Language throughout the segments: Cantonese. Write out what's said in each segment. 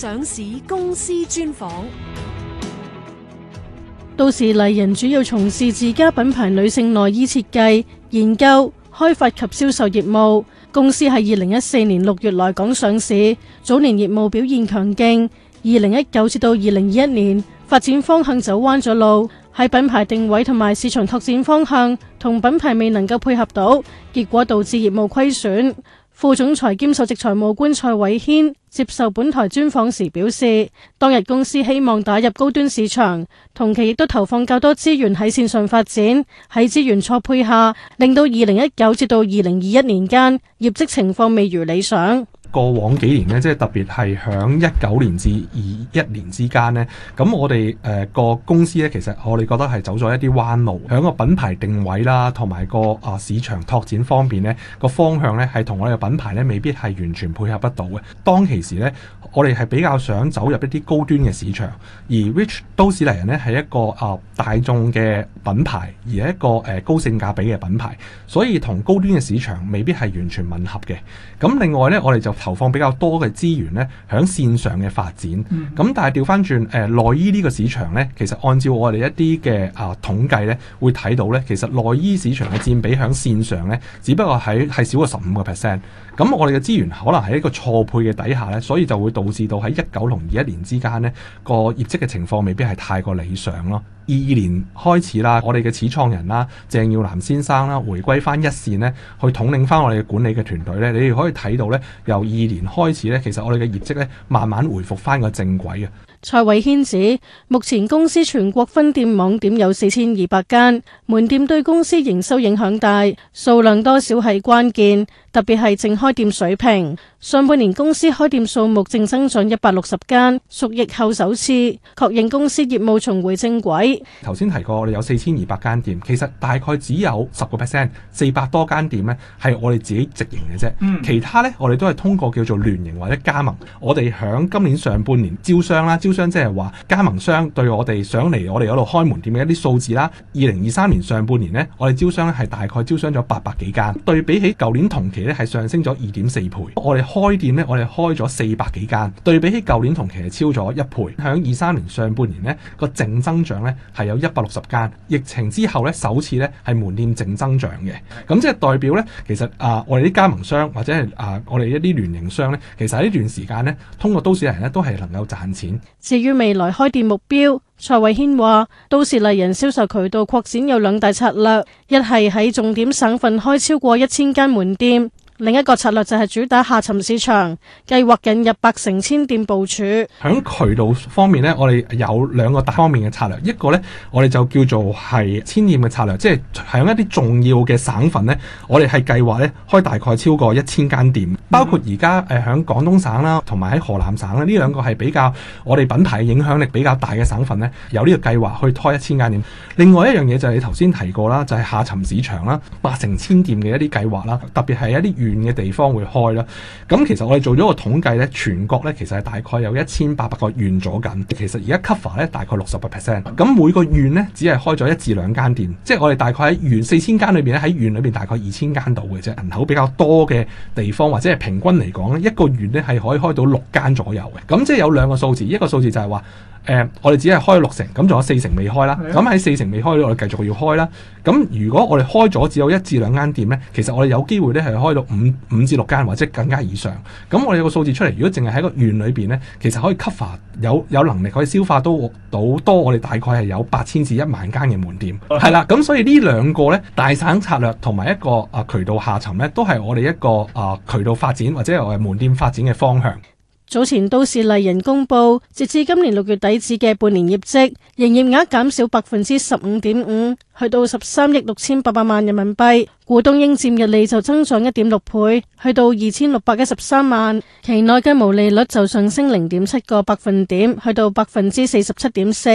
上市公司專訪。都市麗人主要從事自家品牌女性內衣設計、研究、開發及銷售業務。公司係二零一四年六月來港上市，早年業務表現強勁。二零一九至到二零二一年，發展方向走彎咗路，喺品牌定位同埋市場拓展方向同品牌未能夠配合到，結果導致業務虧損。副總裁兼首席財務官蔡瑋軒接受本台專訪時表示，當日公司希望打入高端市場，同期亦都投放較多資源喺線上發展，喺資源錯配下，令到二零一九至到二零二一年間業績情況未如理想。過往幾年咧，即係特別係響一九年至二一年之間咧，咁我哋誒個公司咧，其實我哋覺得係走咗一啲彎路，響個品牌定位啦，同埋個啊市場拓展方面咧，個方向咧係同我哋嘅品牌咧未必係完全配合不到嘅。當其時咧，我哋係比較想走入一啲高端嘅市場，而 which 都市麗人咧係一個啊大眾嘅品牌，而係一個誒、啊、高性價比嘅品牌，所以同高端嘅市場未必係完全吻合嘅。咁另外咧，我哋就投放比較多嘅資源咧，喺線上嘅發展，咁但係調返轉誒內衣呢個市場咧，其實按照我哋一啲嘅啊統計咧，會睇到咧，其實內衣市場嘅佔比喺線上咧，只不過喺係少過十五個 percent，咁我哋嘅資源可能喺一個錯配嘅底下咧，所以就會導致到喺一九同二一年之間咧，個業績嘅情況未必係太過理想咯。二二年開始啦，我哋嘅始創人啦、啊，鄭耀南先生啦、啊，回歸翻一線呢，去統領翻我哋嘅管理嘅團隊咧。你哋可以睇到咧，由二二年開始咧，其實我哋嘅業績咧，慢慢回復翻個正軌嘅。蔡瑋軒指，目前公司全國分店網點有四千二百間，門店對公司營收影響大，數量多少係關鍵，特別係淨開店水平。上半年公司開店數目正增長一百六十間，屬疫後首次，確認公司業務重回正軌。頭先提過，我哋有四千二百間店，其實大概只有十個 percent，四百多間店咧係我哋自己直營嘅啫，嗯、其他咧我哋都係通過叫做聯營或者加盟。我哋響今年上半年招商啦，招，招商即係話，加盟商對我哋上嚟，我哋嗰度開門店嘅一啲數字啦。二零二三年上半年呢，我哋招商呢係大概招商咗八百幾間，對比起舊年同期呢係上升咗二點四倍。我哋開店呢，我哋開咗四百幾間，對比起舊年同期係超咗一倍。響二三年上半年呢，個淨增長呢係有一百六十間。疫情之後呢，首次呢係門店淨增長嘅。咁即係代表呢，其實啊，我哋啲加盟商或者係啊，我哋一啲聯營商呢，其實呢段時間呢，通過都市麗人呢都係能夠賺錢。至於未來開店目標，蔡瑋軒話，都市麗人銷售渠道擴展有兩大策略，一係喺重點省份開超過一千間門店。另一個策略就係主打下沉市場，計劃引入百城千店部署。喺渠道方面呢，我哋有兩個大方面嘅策略。一個呢，我哋就叫做係千店嘅策略，即係喺一啲重要嘅省份呢，我哋係計劃呢開大概超過一千間店，包括而家誒喺廣東省啦，同埋喺河南省咧，呢兩個係比較我哋品牌影響力比較大嘅省份呢，有呢個計劃去拖一千間店。另外一樣嘢就係你頭先提過啦，就係下沉市場啦，百城千店嘅一啲計劃啦，特別係一啲縣嘅地方會開啦，咁其實我哋做咗個統計咧，全國咧其實係大概有一千八百個縣咗緊，其實而家 cover 咧大概六十個 percent，咁每個縣呢，只係開咗一至兩間店，即係我哋大概喺縣四千間裏邊咧，喺縣裏邊大概二千間度嘅啫，人口比較多嘅地方或者係平均嚟講咧，一個縣呢係可以開到六間左右嘅，咁即係有兩個數字，一個數字就係話。誒、嗯，我哋只係開六成，咁仲有四成未開啦。咁喺的四成未開，我哋繼續要開啦。咁如果我哋開咗只有一至兩間店呢，其實我哋有機會呢係開到五五至六間或者更加以上。咁我哋個數字出嚟，如果淨係喺個縣裏邊呢，其實可以 cover 有有能力可以消化到到多我哋大概係有八千至一萬間嘅門店，係啦、啊。咁所以呢兩個呢，大省策略同埋一個啊渠道下沉呢，都係我哋一個啊渠道發展或者係門店發展嘅方向。早前都市麗人公布，截至今年六月底止嘅半年業績，營業額減少百分之十五點五，去到十三億六千八百萬人民幣，股東應佔溢利就增長一點六倍，去到二千六百一十三萬，期內嘅毛利率就上升零點七個百分點，去到百分之四十七點四。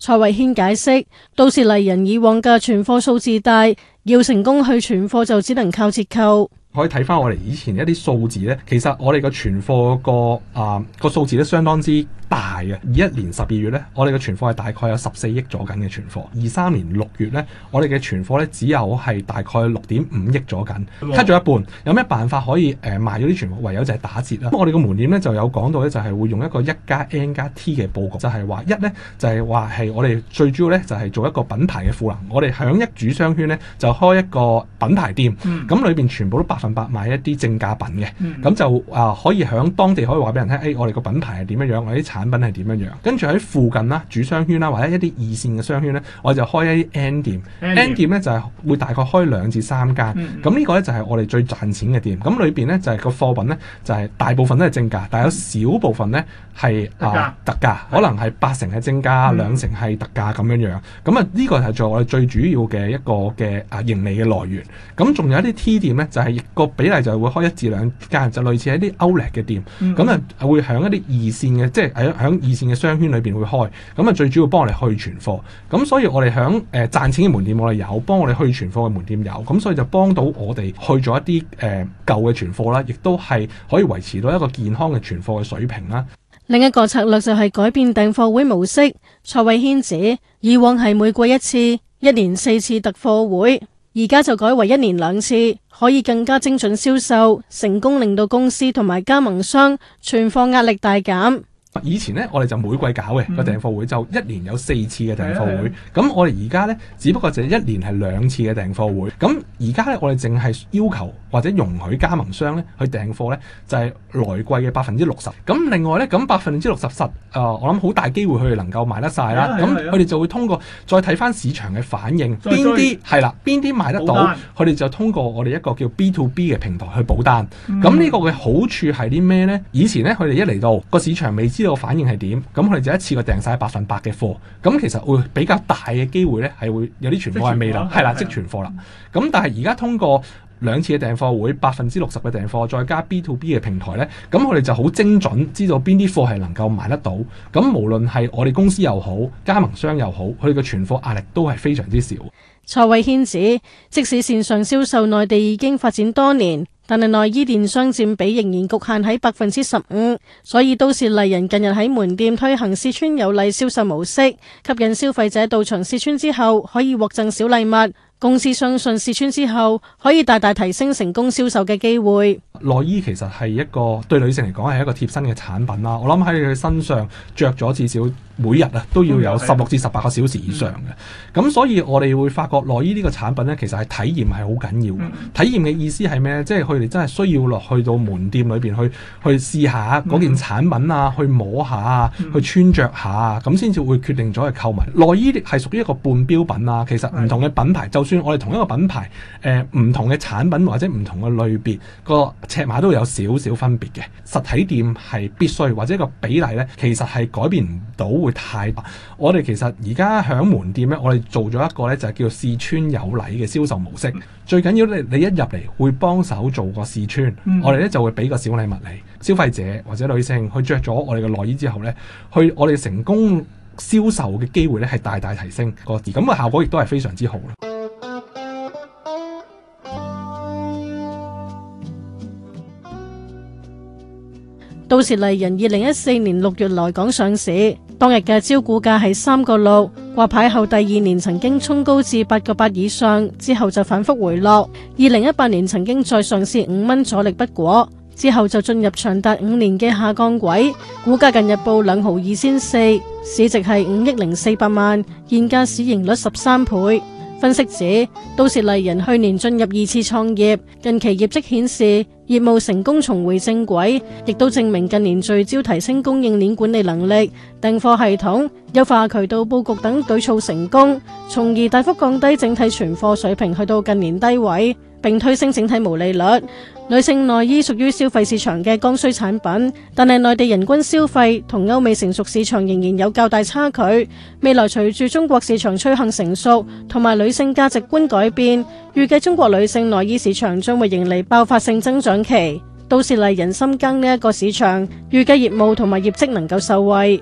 蔡瑋軒解釋，都市麗人以往嘅存貨數字大，要成功去存貨就只能靠折扣。可以睇翻我哋以前一啲數字呢。其實我哋嘅存貨個啊、呃、個數字都相當之大嘅。二一年十二月呢，我哋嘅存貨係大概有十四億左右嘅存貨。二三年六月呢，我哋嘅存貨呢只有係大概六點五億左右，cut 咗一半。有咩辦法可以誒、呃、賣咗啲存貨？唯有就係打折啦。咁我哋嘅門店呢就有講到呢，就係會用一個一加 N 加 T 嘅佈局，就係、是、話一呢，就係話係我哋最主要呢，就係、是、做一個品牌嘅賦能。我哋響一主商圈呢，就開一個品牌店，咁裏邊全部都百百買一啲正價品嘅，咁、嗯、就啊、呃、可以響當地可以話俾人聽，誒、哎、我哋個品牌係點樣樣，我啲產品係點樣樣。跟住喺附近啦、主商圈啦，或者一啲二線嘅商圈咧，我就開一啲 N 店、嗯、，N 店咧就係、是、會大概開兩至三間。咁、嗯、呢個咧就係、是、我哋最賺錢嘅店。咁裏邊咧就係、是、個貨品咧就係、是、大部分都係正價，但係有少部分咧係啊特價，可能係八成係正價，兩、嗯、成係特價咁樣樣。咁啊呢個係做我哋最主要嘅一個嘅啊盈利嘅來源。咁仲有一啲 T 店咧，就係、是。個比例就會開一至兩間，就類似喺啲 outlet 嘅店，咁啊、嗯、會響一啲二線嘅，即係喺響二線嘅商圈裏邊會開，咁啊最主要幫我哋去存貨，咁所以我哋響誒賺錢嘅門店我哋有，幫我哋去存貨嘅門店有，咁所以就幫到我哋去咗一啲誒、呃、舊嘅存貨啦，亦都係可以維持到一個健康嘅存貨嘅水平啦。另一個策略就係改變訂貨會模式，蔡瑋軒指以往係每季一次，一年四次特貨會。而家就改為一年兩次，可以更加精準銷售，成功令到公司同埋加盟商存貨壓力大減。以前呢，我哋就每季搞嘅個訂貨會，嗯、就一年有四次嘅訂貨會。咁、啊啊、我哋而家呢，只不過就一年係兩次嘅訂貨會。咁而家呢，我哋淨係要求或者容許加盟商呢去訂貨呢，就係、是、來季嘅百分之六十。咁另外呢，咁百分之六十實，啊、呃，我諗好大機會佢哋能夠賣得晒啦。咁佢哋就會通過再睇翻市場嘅反應，邊啲係啦，邊啲、啊、賣得到，佢哋單就通過我哋一個叫 B to B 嘅平台去補單。咁呢、嗯、個嘅好處係啲咩呢？以前呢，佢哋一嚟到個市場未知。呢個反應係點？咁佢哋就一次過訂晒百分百嘅貨，咁其實會比較大嘅機會呢，係會有啲存貨係未流，係啦，即存貨啦。咁的的但係而家通過兩次嘅訂貨會，百分之六十嘅訂貨再加 B to B 嘅平台呢，咁佢哋就好精準知道邊啲貨係能夠買得到。咁無論係我哋公司又好，加盟商又好，佢哋嘅存貨壓力都係非常之少。蔡瑋軒指，即使線上銷售，內地已經發展多年。但係內衣電商佔比仍然局限喺百分之十五，所以都市麗人近日喺門店推行試穿有禮銷售模式，吸引消費者到場試穿之後可以獲贈小禮物。公司相信試穿之後可以大大提升成功銷售嘅機會。內衣其實係一個對女性嚟講係一個貼身嘅產品啦、啊。我諗喺佢身上着咗至少每日啊都要有十六至十八個小時以上嘅。咁、嗯、所以我哋會發覺內衣呢個產品呢，其實係體驗係好緊要嘅。嗯、體驗嘅意思係咩？即係佢哋真係需要落去到門店裏邊去去試下嗰件產品啊，嗯、去摸下啊，嗯、去穿着下啊，咁先至會決定咗去購物。內衣係屬於一個半標品啊。其實唔同嘅品牌，嗯、就算我哋同一個品牌，誒、呃、唔同嘅產品或者唔同嘅類別個。尺碼都有少少分別嘅，實體店係必須或者個比例呢，其實係改變唔到會太大。我哋其實而家喺門店呢，我哋做咗一個呢，就係叫試穿有禮嘅銷售模式。最緊要呢，你一入嚟會幫手做個試穿，嗯、我哋呢就會俾個小禮物你消費者或者女性去着咗我哋嘅內衣之後呢，去我哋成功銷售嘅機會呢係大大提升個而，咁個效果亦都係非常之好。都市麗人二零一四年六月來港上市，當日嘅招股價係三個六，掛牌後第二年曾經沖高至八個八以上，之後就反覆回落。二零一八年曾經再上市五蚊阻力不果，之後就進入長達五年嘅下降軌，股價近日報兩毫二仙四，市值係五億零四百萬，現價市盈率十三倍。分析指，都市麗人去年進入二次創業，近期業績顯示。業務成功重回正軌，亦都證明近年聚焦提升供應鏈管理能力、訂貨系統、優化渠道佈局等舉措成功，從而大幅降低整體存貨水平，去到近年低位，並推升整體毛利率。女性內衣屬於消費市場嘅剛需產品，但係內地人均消費同歐美成熟市場仍然有較大差距。未來隨住中國市場趨向成熟同埋女性價值觀改變，預計中國女性內衣市場將會迎嚟爆發性增長期。到時麗人心更呢一個市場，預計業務同埋業績能夠受惠。